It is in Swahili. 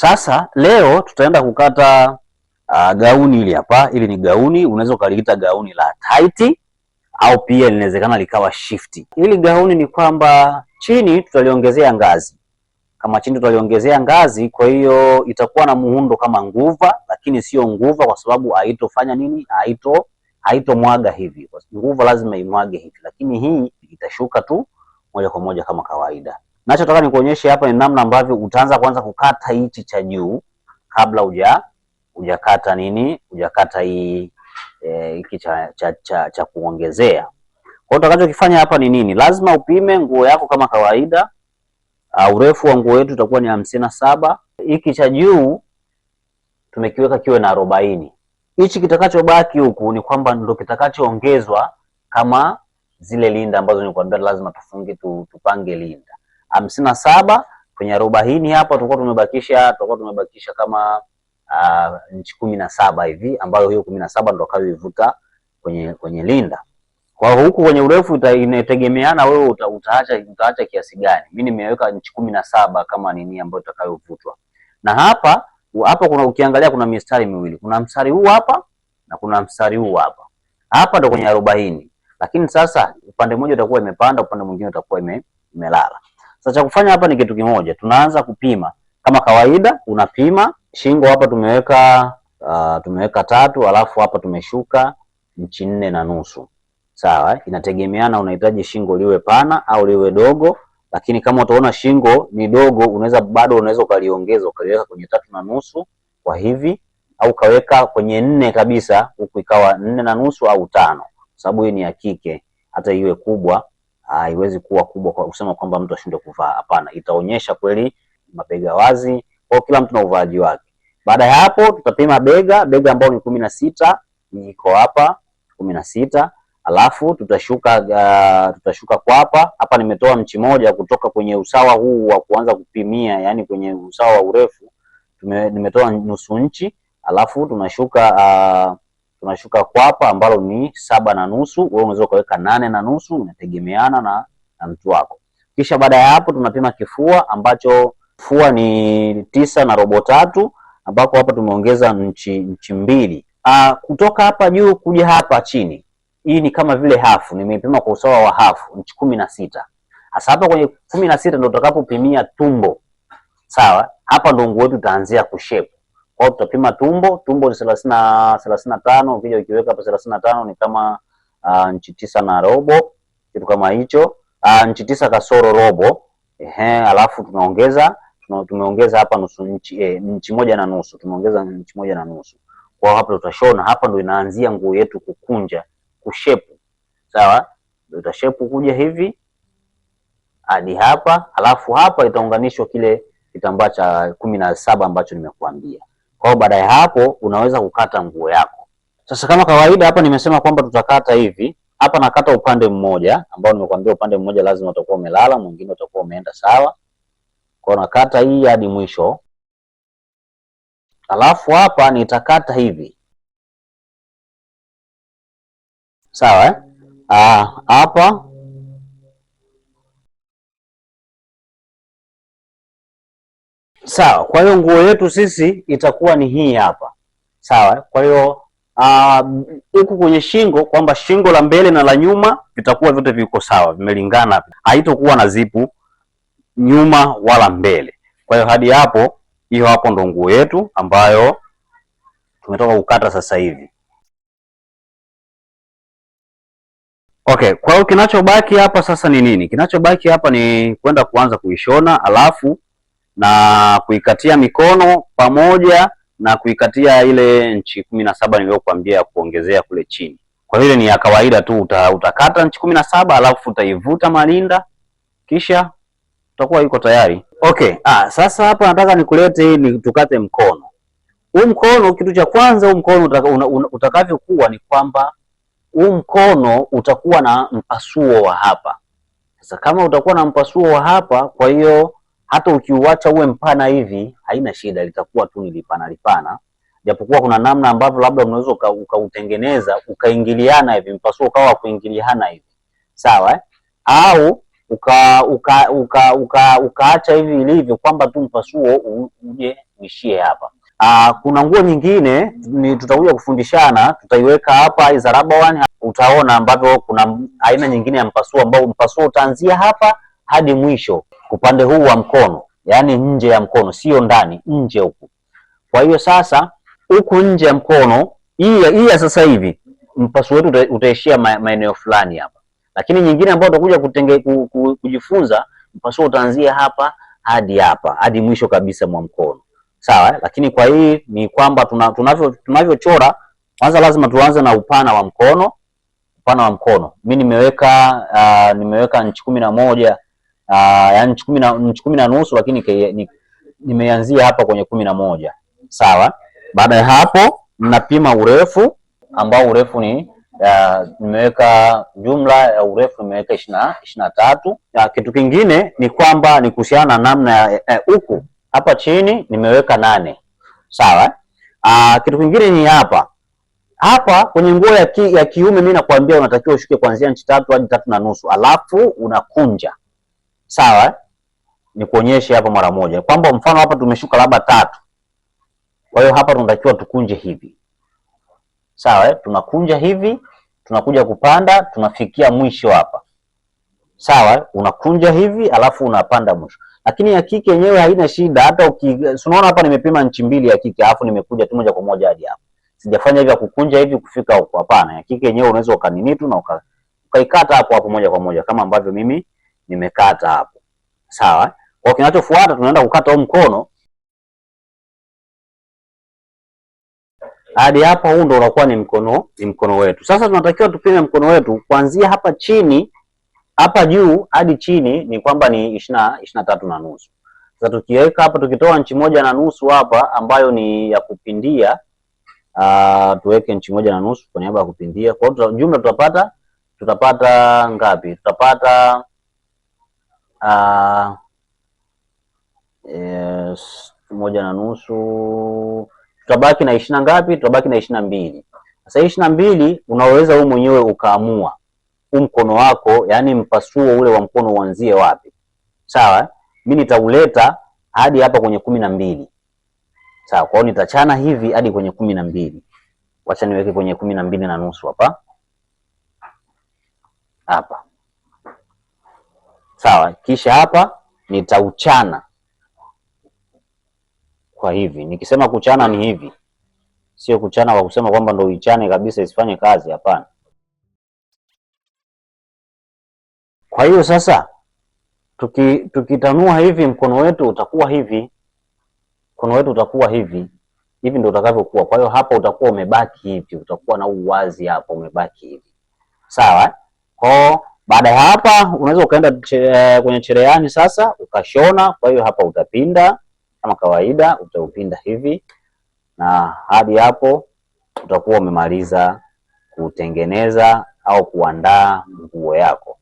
Sasa leo tutaenda kukata uh, gauni ili hapa. ili ni gauni, unaweza ukaliita gauni la tight au pia linawezekana likawa shifti. Hili gauni ni kwamba chini tutaliongezea ngazi kama chini tutaliongezea ngazi, kwa hiyo itakuwa na muundo kama nguva, lakini sio nguva kwa sababu haitofanya nini, haito haitomwaga hivi. Nguva lazima imwage hivi, lakini hii itashuka tu moja kwa moja kama kawaida. Nachotaka nikuonyeshe hapa ni namna ambavyo utaanza kwanza kukata hichi cha juu kabla uja hujakata nini, hujakata hii eh, hiki e, cha, cha, cha, cha kuongezea. Kwa hiyo utakachokifanya hapa ni nini? Lazima upime nguo yako kama kawaida. Uh, urefu wa nguo yetu utakuwa ni hamsini na saba. Hiki cha juu tumekiweka kiwe na arobaini. Hichi kitakachobaki huku ni kwamba ndo kitakachoongezwa kama zile linda ambazo nilikwambia lazima tufunge tu, tupange linda hamsini na saba kwenye arobaini hapa tulikuwa tumebakisha tulikuwa tumebakisha kama uh, nchi kumi na saba hivi ambayo hiyo kumi na saba ndo kayoivuta kwenye kwenye linda. Kwa huku kwenye urefu inategemeana wewe uta, utaacha utaacha kiasi gani. Mimi nimeweka nchi kumi na saba kama nini ambayo itakayovutwa. Na hapa hapa kuna ukiangalia kuna mistari miwili. Kuna mstari huu hapa na kuna mstari huu hapa. Hapa ndo kwenye arobaini. Lakini sasa upande mmoja utakuwa imepanda, upande mwingine utakuwa ime, imelala. Sasa cha kufanya hapa ni kitu kimoja, tunaanza kupima kama kawaida. Unapima shingo hapa tumeweka uh, tumeweka tatu, alafu hapa tumeshuka inchi nne na nusu sawa. Eh? Inategemeana unahitaji shingo liwe pana au liwe dogo, lakini kama utaona shingo ni dogo, unaweza bado unaweza ukaliongeza ukaliweka kwenye tatu na nusu kwa hivi, au kaweka kwenye nne kabisa, huku ikawa nne na nusu au tano, sababu hii ni ya kike, hata iwe kubwa haiwezi kuwa kubwa kwa kusema kwamba mtu ashindwe kuvaa. Hapana, itaonyesha kweli mabega wazi, kwa kila mtu na uvaaji wake. Baada ya hapo, tutapima bega, bega ambao ni kumi na sita iko hapa kumi na sita alafu tutashuka uh, tutashuka kwa hapa hapa. Nimetoa mchi moja kutoka kwenye usawa huu wa kuanza kupimia, yani kwenye usawa wa urefu tume, nimetoa nusu nchi, alafu tunashuka uh, tunashuka kwa hapa ambalo ni saba na nusu. Wewe unaweza ukaweka nane na nusu, inategemeana na, na mtu wako. Kisha baada ya hapo tunapima kifua ambacho kifua ni tisa na robo tatu, ambapo hapa tumeongeza nchi nchi mbili. Aa, ah, kutoka hapa juu kuja hapa chini, hii ni kama vile hafu, nimepima kwa usawa wa hafu nchi kumi na sita. Hasa hapa kwenye kumi na sita ndio tutakapopimia tumbo, sawa. Hapa ndio nguo yetu itaanzia kushepu. Kwa hiyo tutapima tumbo, tumbo ni thelathini na tano, ukija ukiweka hapo thelathini na tano ni kama uh, ah, nchi tisa na robo, kitu kama hicho uh, ah, nchi tisa kasoro robo ehe, alafu tunaongeza tumeongeza hapa nusu nchi eh, nchi moja na nusu tumeongeza nchi moja na nusu kwa hapa tutashona hapa, ndo inaanzia nguo yetu kukunja kushepu, sawa, ndio itashepu kuja hivi hadi hapa, alafu hapa itaunganishwa kile kitambaa cha kumi na saba ambacho nimekuambia. Kwa hiyo baada ya hapo unaweza kukata nguo yako. Sasa kama kawaida, hapa nimesema kwamba tutakata hivi. Hapa nakata upande mmoja ambao nimekuambia upande mmoja lazima utakuwa umelala, mwingine utakuwa umeenda sawa. Kwa nakata hii hadi mwisho. Alafu hapa nitakata hivi. Sawa eh? Ah, hapa sawa. Kwa hiyo nguo yetu sisi itakuwa ni hii hapa, sawa. Kwa hiyo ah, huku uh, kwenye shingo kwamba shingo la mbele na la nyuma vitakuwa vyote viko sawa, vimelingana, haitokuwa na zipu nyuma wala mbele. Kwa hiyo hadi hapo, hiyo hapo ndo nguo yetu ambayo tumetoka kukata sasa hivi. Okay, kwa hiyo kinachobaki hapa sasa ni nini? Kinachobaki hapa ni kwenda kuanza kuishona alafu na kuikatia mikono pamoja na kuikatia ile nchi kumi na saba niliyokuambia ya kuongezea kule chini. Kwa hiyo ni ya kawaida tu, uta, utakata nchi kumi na saba alafu utaivuta malinda, kisha utakuwa iko tayari. Okay, ah, sasa hapa nataka nikulete ni tukate mkono huu mkono. Kitu cha kwanza huu mkono utakavyokuwa ni kwamba huu mkono utakuwa na mpasuo wa hapa. Sasa kama utakuwa na mpasuo wa hapa, kwa hiyo hata ukiuacha uwe mpana hivi haina shida, litakuwa tu ni lipana, japokuwa kuna namna ambavyo labda unaweza ukautengeneza uka ukaingiliana hivi, mpasuo ukawa kuingiliana hivi, sawa eh? au uka uka uka ukaacha uka hivi ilivyo kwamba tu mpasuo uje uishie hapa. Aa, ah, kuna nguo nyingine ni tutakuja kufundishana, tutaiweka hapa Izarabawan, utaona ambavyo kuna aina nyingine ya mpasuo ambao mpasuo utaanzia hapa hadi mwisho upande huu wa mkono, yaani nje ya mkono, sio ndani, nje huku. Kwa hiyo sasa huku nje ya mkono hii hii sasa hivi mpasu wetu utaishia maeneo fulani hapa, lakini nyingine ambayo utakuja kujifunza mpasu utaanzia hapa hadi hapa hadi mwisho kabisa mwa mkono, sawa. Eh? Lakini kwa hii ni kwamba tunavyochora tunavyo, tunavyo kwanza lazima tuanze na upana wa mkono. Upana wa mkono mimi nimeweka uh, nimeweka inchi kumi na moja uh, ah, yani nchi kumi na nusu, lakini nimeanzia ni hapa kwenye kumi na moja sawa. Baada ya hapo mnapima urefu ambao urefu ni uh, nimeweka jumla ya urefu nimeweka ishirini na tatu. Kitu kingine ni kwamba ni kuhusiana na namna ya huku uh, hapa chini nimeweka nane sawa. Uh, kitu kingine ni hapa hapa kwenye nguo ya, ki, ya kiume mi nakwambia unatakiwa ushuke kuanzia nchi tatu hadi tatu na nusu alafu unakunja sawa eh? Ni kuonyesha hapa mara moja kwamba mfano hapa tumeshuka labda tatu, kwa hiyo hapa tunatakiwa tukunje hivi sawa eh? Tunakunja hivi, tunakuja kupanda, tunafikia mwisho hapa sawa eh? Unakunja hivi alafu unapanda mwisho, lakini ya kike yenyewe haina shida. Hata uki unaona hapa nimepima nchi mbili ya kike, alafu nimekuja tu moja kwa moja hadi hapa, sijafanya hivi kukunja hivi kufika huko, hapana. Ya kike yenyewe unaweza ukaninitu na ukaikata hapo hapo moja kwa moja kama ambavyo mimi nimekata hapo. Sawa? Kwa kinachofuata tunaenda kukata huu mkono hadi hapa, huu ndo unakuwa ni mkono ni mkono wetu. Sasa tunatakiwa tupime mkono wetu kuanzia hapa chini hapa juu hadi chini, ni kwamba ni ishirini na tatu na nusu. Sasa tukiweka hapa, tukitoa nchi moja na nusu hapa ambayo ni ya kupindia uh, tuweke nchi moja na nusu kwa niaba ya kupindia. Kwa hiyo jumla tutapata tutapata ngapi? Tutapata uh, moja na nusu tutabaki na ishirini na ngapi? Tutabaki na ishirini na mbili. Sasa ishirini na mbili unaweza wewe mwenyewe ukaamua huu mkono wako, yaani mpasuo ule wa mkono uanzie wapi, sawa? mi nitauleta hadi hapa kwenye kumi na mbili, sawa? Kwa hiyo nitachana hivi hadi kwenye kumi na mbili. Wacha niweke kwenye kumi na mbili na nusu hapa hapa sawa. Kisha hapa nitauchana kwa hivi. Nikisema kuchana ni hivi, sio kuchana kwa kusema kwamba ndo uichane kabisa isifanye kazi, hapana. Kwa hiyo sasa tuki, tukitanua hivi mkono wetu utakuwa hivi, mkono wetu utakuwa hivi hivi, ndio utakavyokuwa. Kwa hiyo hapa utakuwa umebaki hivi, utakuwa na uwazi hapa, umebaki hivi, sawa kwao baada ya hapa unaweza ukaenda eh, kwenye cherehani sasa ukashona. Kwa hiyo hapa utapinda kama kawaida, utaupinda hivi na hadi hapo utakuwa umemaliza kutengeneza au kuandaa nguo yako.